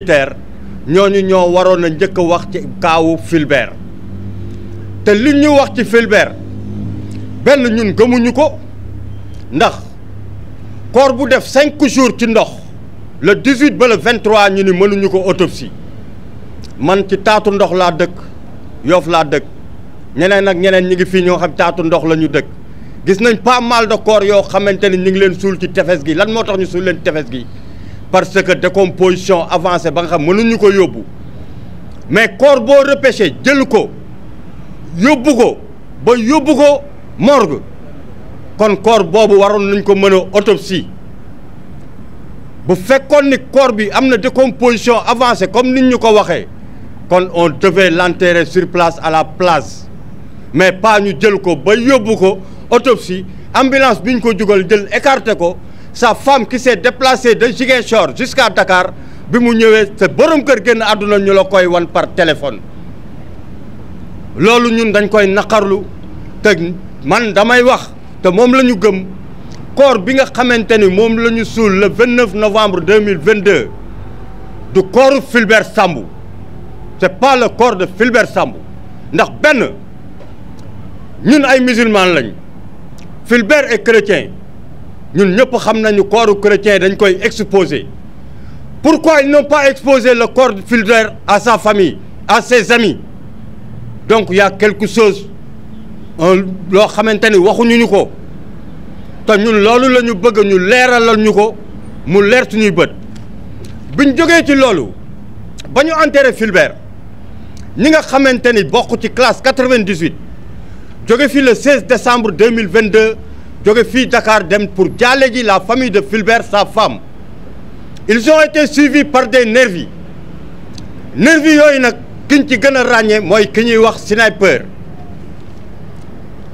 militaire ñooñu ñoo waroon a njëkk a wax ci kaawu Fulbert te li ñu wax ci Fulbert benn ñun gëmuñu ko ndax corps bu def cinq jours ci ndox le 18 ba le 23 ñu ni mënuñu ko autopsie man ci taatu ndox laa dëkk Yoff laa dëkk ñeneen ak ñeneen ñi ngi fii ñoo xam taatu ndox la ñu dëkk gis nañ pas mal de corps yoo xamante ni ñu ngi leen suul ci tefes gi lan moo tax ñu suul leen tefes gi parce que décomposition avancée ba nga xam mënuñu ko yóbbu mais corps boo repêché jël ko yóbbu ko ba yóbbu ko morgue kon corps boobu waroon nañ ko mën a autopsie bu fekkoon ni corps bi am na décomposition avancée comme nit ñu ko waxee kon on devait l'enterrer sur place à la place mais pas ñu jël ko ba yóbbu ko autopsie ambulance bi ñu ko jugal jël écarté ko sa femme qui s'est déplacée de Ziguinchor jusqu'à Dakar bi mu ñëwee sa borom kër génn àdduna ñu la koy wan par téléphone loolu ñun dañ koy naqarlu te man damay wax te moom la ñu gëm corps bi nga xamante ni moom la ñu suul le 29 novembre 2022 du corps Fulbert Sambou c'est pas le corps de Fulbert Sambou ndax benn ñun ay musulmans lañ Fulbert et chrétien ñun ñëpp xam nañu corps chrétien dañu koy exposé pourquoi ils n'ont pas exposé le corps funéraire à sa famille à ses amis donc y a quelque chose loo xamante ni waxuñuñu ko te ñun loolu la ñu bëgg ñu leeralal ñu ko mu leer suñuy bu ñu jógee ci loolu ba ñu entere Fulbert ñi nga xamante ni bokk ci classe quatre-vingt-dix-huit jóge fi le 16 décembre mille vingt-deux jóge fii Dakar dem pour jaale ji la famille de Fulbert sa femme ils ont été suivis par des nervis nervis yooyu nag kiñ ci gën a ràññee mooy ki ñuy wax sniper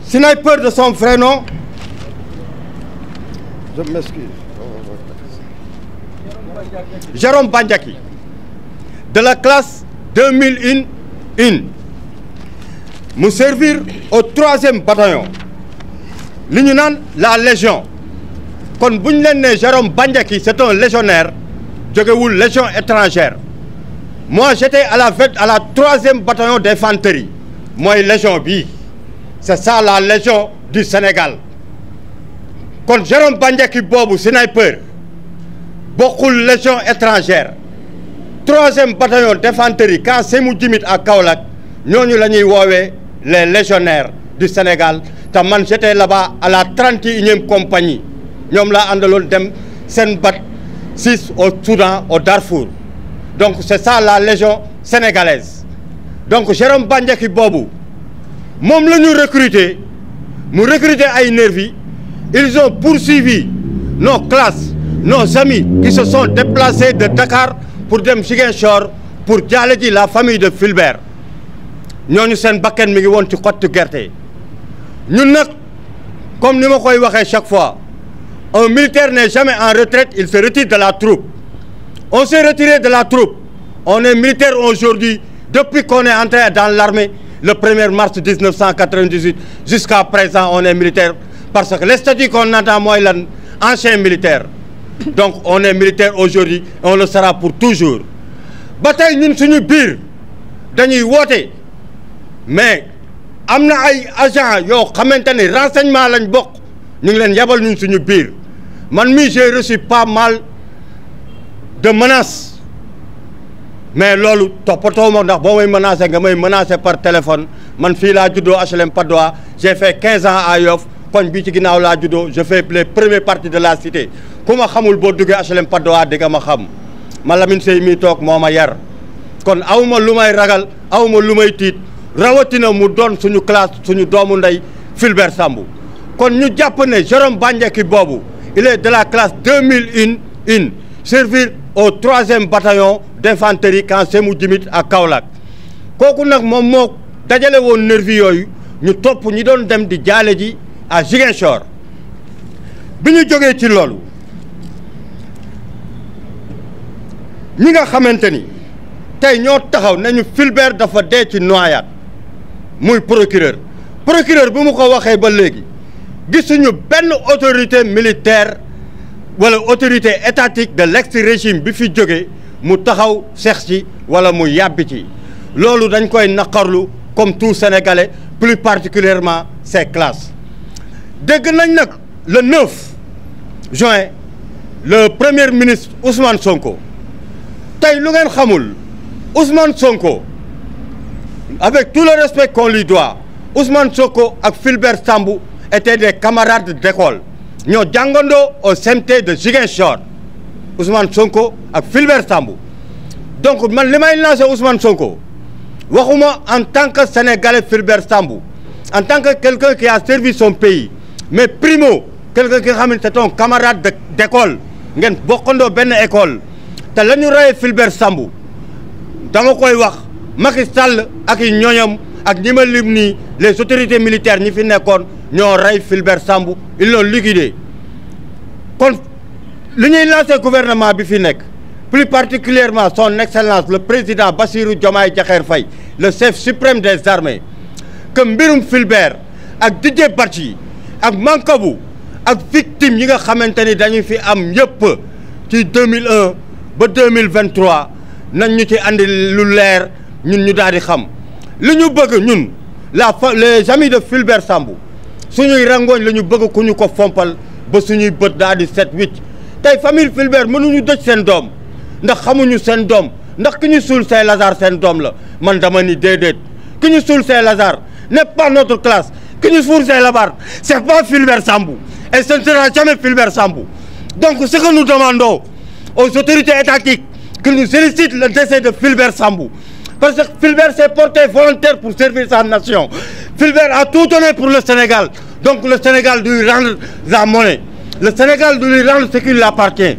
sniper de son vrai nom je m'excuse Jérôme Bandiaki de la classe 2001 1 mu servir au troisième bataillon li ñu naan la légion kon bu ñu leen nee Jérôme Bandiaky c'est un légionnaire jógewul légion étrangère moi j'étais à la vingt à la troisième bataillon d'infanterie mooy légion bii c'est ça la légion du Sénégal kon Jérôme Bandiaky boobu sniper bokkul légion étrangère troisième bataillon d'infanterie quand mu Djimit à Kaolack ñooñu la ñuy woowee les légionnaires du Sénégal te man j'étais là-bas à la trente et unième compagnie ñoom laa àndaloon dem seen bat six au Soudan au Darfour donc c'est ça la légion sénégalaise donc Jérôme Bandiaky boobu moom la ñu recruter mu recruter ay nervi ils ont poursuivi nos classes nos amis qui se sont déplacés de Dakar pour dem Ziguinchor pour jaale ji la famille de Fulbert ñooñu seen bakkan mi ngi woon ci xottu gerte ñun nag comme ni ma koy waxee chaque fois un militaire n'est jamais en retraite il se retire de la troupe on s'est retiré de la troupe on est militaire aujourd'hui depuis qu'on est entré dans l'armée le 1er mars 1998 jusqu'à présent on est militaire parce que le statut qu'on entend mooy lan ancien militaire donc on est militaire aujourd'hui et on le sera pour toujours ba tey ñun suñu biir dañuy woote mais am na ay agent yoo xamante ne renseignement lañ bokk ñu ngi leen yabal ñun suñu biir man mii j'ai reçu pas mal de menaces mais loolu toppatoo ma ndax boo may menacé nga may menacé par téléphone man fii laa juddoo HLM Patte d'Oie j'ai fait ans à Yoff koñ bi ci ginnaaw laa juddoo je fais les premières de la cité ku ma xamul boo duggee HLM Patte d'Oie di nga ma xam ma Lamine Seye mi toog moo ma yar kon aw ma lu may ragal aw ma lu may tiit. rawatina mu doon suñu classe suñu doomu ndey Fulbert Sambou kon ñu jàpp ne Jérôme Bandiaky boobu il est de la classe 2001 une servir au troisième bataillon d'infanterie camp mu Djimit à Kaolack kooku nag moom mook dajale woon nervi yooyu ñu topp ñi doon dem di jaale ji à Ziguinchor bi ñu jogee ci loolu ñi nga xamante ni tey ñoo taxaw nañu Fulbert dafa dee ci noyade muy procureur procureur bu mu ko waxee ba léegi gisuñu benn autorité militaire wala autorité étatique de l'ex-régime bi fi jóge mu taxaw seex ci wala mu yàbbi ci loolu dañ koy naqarlu comme tout sénégalais plus particulièrement ses classes dégg nañ nag le 9 juin le premier ministre Ousmane Sonko tey lu ngeen xamul Ousmane Sonko avec tout le respect qu'on lui doit Ousmane ak Fulbert Sambou étaient des camarades d'école ñoo jàngandoo au CMT de Ziguinchor Ousmane Sonko ak Fulbert Sambou donc man li may lancer Ousmane Sonko waxuma en tant que sénégalais Fulbert Sambou en tan que quelqu'un qui a servi son pays mais primo quelqu'un qui xam ne c'est un camarade d'école ngeen bokkandoo benn école te la ñu reyee Fulbert dama koy wax. Macky Sall ak i ñooñam ak ñi ma lim nii les autorités militaires ñi fi nekkoon ñoo rey Fulbert Sambou ils l'ont liquidé kon lu ñuy lancé gouvernement bi fi nekk plus particulièrement son excellence le président Bassirou Diomaye Diakhar fay le chef suprême des armées que mbirum Fulbert ak Didier Badji ak Mancabou ak victime yi nga xamante ni dañu fi am yëpp ci 2001 ba 2023 nañ ñu ci andi lu leer ñun ñu daal di xam li ñu bëgg ñun la les amis de Fulbert Sambou suñuy rangooñ la ñu bëgg ku ñu ko fompal ba suñuy bët daal di set wicc tey famille Fulbert mënuñu dëj seen doom ndax xamuñu seen doom ndax ku ñu suul Saint Lazare seen doom la man dama ni déedéet ku ñu suul Saint Lazare n'est pas notre classe ki ñu suul Saint Lazare c'est pas Fulbert Sambou et ce ne sera jamais Fulbert Sambou donc ce que au demandons aux autorités étatiques que nous sollicitent le décès de Fulbert Sambou Parce que Fulbert s'est porté volontaire pour servir sa nation. Fulbert a tout donné pour le Sénégal. Donc le Sénégal doit lui rendre la monnaie. Le Sénégal doit lui rendre ce qui lui appartient.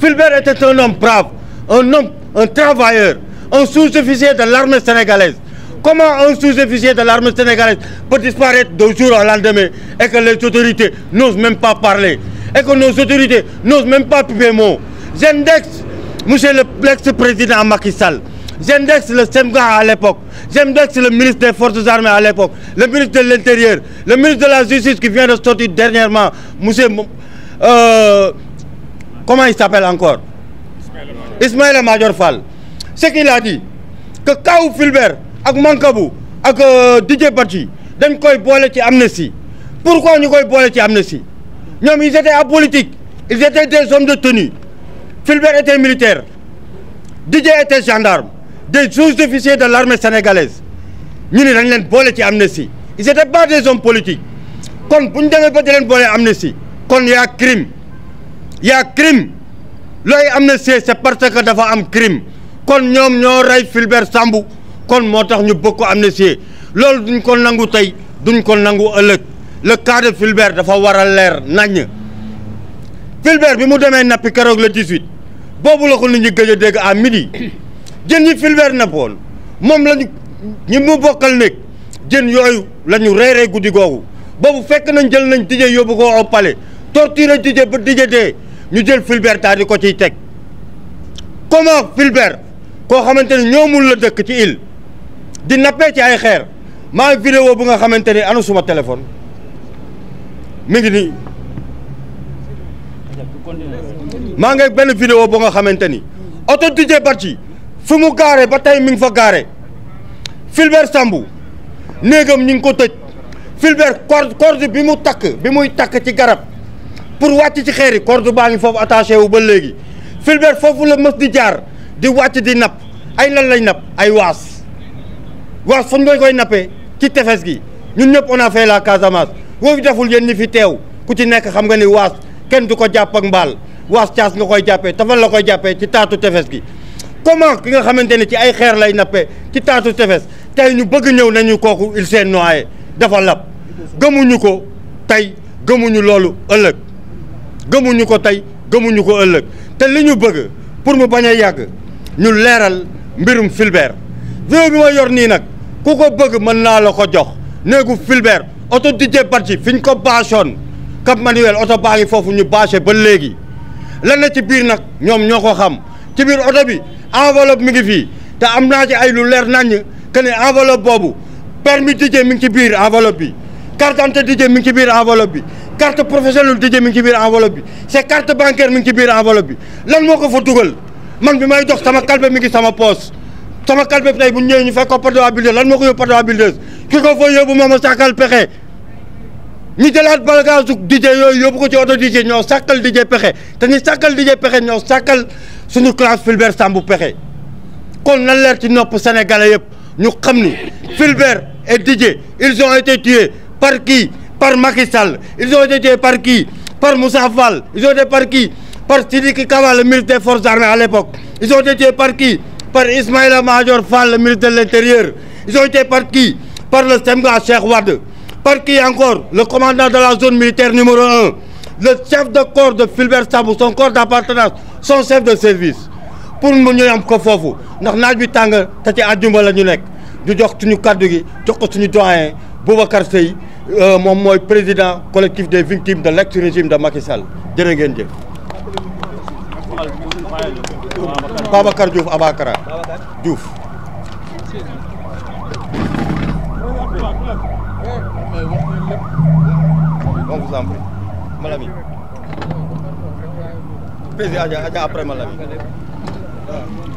Fulbert était un homme brave, un homme, travailleur, un sous-officier de l'armée sénégalaise. Comment un sous-officier de l'armée sénégalaise peut disparaître d'un jour au lendemain et que les autorités n'osent même pas parler et que nos autorités n'osent même pas publier mot J'indexe, monsieur l'ex-président Macky Sall, J'indexe le SEMGA à l'époque, j'indexe le ministre des Forces armées à l'époque, le ministre de l'Intérieur, le ministre de la Justice qui vient de sortir dernièrement, monsieur, euh, comment il s'appelle encore Ismaïla Madior Fall. Ce qu'il a dit, que Kaou Fulbert, ak Mankabou, ak euh, Didier Badji, dañ koy boole ci amnistie. Pourquoi ñu koy boole ci amnistie ñoom ils étaient apolitiques, ils étaient des hommes de tenue. Fulbert était militaire, Didier était gendarme. de sous-officiers de larme sénégalaise ñu ne dañ leen boole ci amnistie ils étaient pas des hommes politiques kon bu ñu demee ba di leen boole amnistie kon yaa a yaa y a crime looy amnistie c'est parce que dafa am crime kon ñoom ñoo rey Fulbert Sambou kon moo tax ñu bëgg ko amnistie loolu duñ ko nangu tey duñ ko nangu ëllëg la cas de Fulbert dafa war a leer naññ Fulbert bi mu demee nappi keroog le 18 boobu la ko nit ñi gëj a dégg à midi jën yi Fulbert nappoon moom lañu ñi mu bokkal nekk jën yooyu lañu ñu reeree guddi googu boobu fekk nañ jël nañ Didier yóbbu ko au palais torturé Didier ba Didier dee ñu jël Fulbert daal di ko ciy teg comment Fulbert koo xamante ne ñoomul la dëkk ci île di nappee ci ay xeer maa ngi vidéo bu nga xamante ni ana suma téléphone mi ngi maa ngi benn vidéo bu nga xamante ni oto Didier Badji fi mu gaare ba tey mi ngi fa gaare Fulbert Sambou néegam ñu ngi ko tëj Fulbert corde corde bi mu takk bi muy takk ci garab pour wàcc ci xeeri kor corde baa ngi foofu attaché wu ba léegi Fulbert foofu la mës di jaar di wàcc di napp ay lan lay napp ay waas waas fañ nga koy nappee ci tefes gi ñun ñëpp on a fait la Casamance woowu deful yéen ñi fi teew ku ci nekk xam nga ni waas kenn du ko jàpp ak mbaal waas caas nga koy jàppee tafal la koy jàppee ci taatu tefes gi comment ki nga xamante ne ci ay xeer lay nappe ci taatu tefes tey ñu bëgg ñëw nañu kooku il s'est noyé dafa lab gëmuñu ko tey gëmuñu loolu ëllëg gëmuñu ko tey gëmuñu ko ëllëg te li ñu bëgg pour mu bañ a yàgg ñu leeral mbirum Fulbert vidéo bi ma yor nii nag ku ko bëgg mën naa la ko jox néegu Fulbert oto Didier Badji fi ñu ko baasoon Cap Manuel oto baa ngi foofu ñu baase ba léegi lan na ci biir nag ñoom ñoo ko xam ci biir oto bi enveloppe mi ngi fii te am naa ci ay lu leer naññ que ne enveloppe boobu permis DJ mi ngi ci biir enveloppe bi carte d'identité DJ mi ngi ci biir enveloppe bi carte professionnelle DJ mi ngi ci biir enveloppe bi c'est carte bancaire mi ngi ci biir enveloppe bi lan moo ko fa dugal man bi may dox sama kalpe mi ngi sama poos sama kalpe tey bu ñëwee ñu fekk ko porte habilité lan moo ko yóbbu porte habilité ki ko fa yóbbu moom a sàkkal pexe ñu jëlaat bagage DJ yooyu yóbbu ko ci oto DJ ñoo sàkkal DJ pexe te ñu sàkkal DJ pexe ñoo sàkkal suñu classe Fulbert Sambou Pexe kon na leer ci nopp sénégalais yëpp ñu xam ni Fulbert et Didier ils ont été tués par qui par Macky Sall ils ont été tués par qui par Moussa Fall ils ont été par qui par Sidiki Kaba le ministre des forces armées à l'époque ils ont été tués par qui par Ismaïla Madior Fall le ministre de l'intérieur ils ont été par qui par le Semga Cheikh Wade par qui encore le commandant de la zone militaire numéro un le chef de corps de Fulbert Sambou son corps d'appartenance son chef de service pour mu ñu am ko foofu ndax naaj wi tàng te ci àjjuma la ñu nekk du jox suñu kàddu gi jox ko suñu doyen Boubacar Seye euh, moom mooy président collectif des victimes de l'ex-régime de Macky Sall jërë ngeen jëf. président Adja Adja après ma la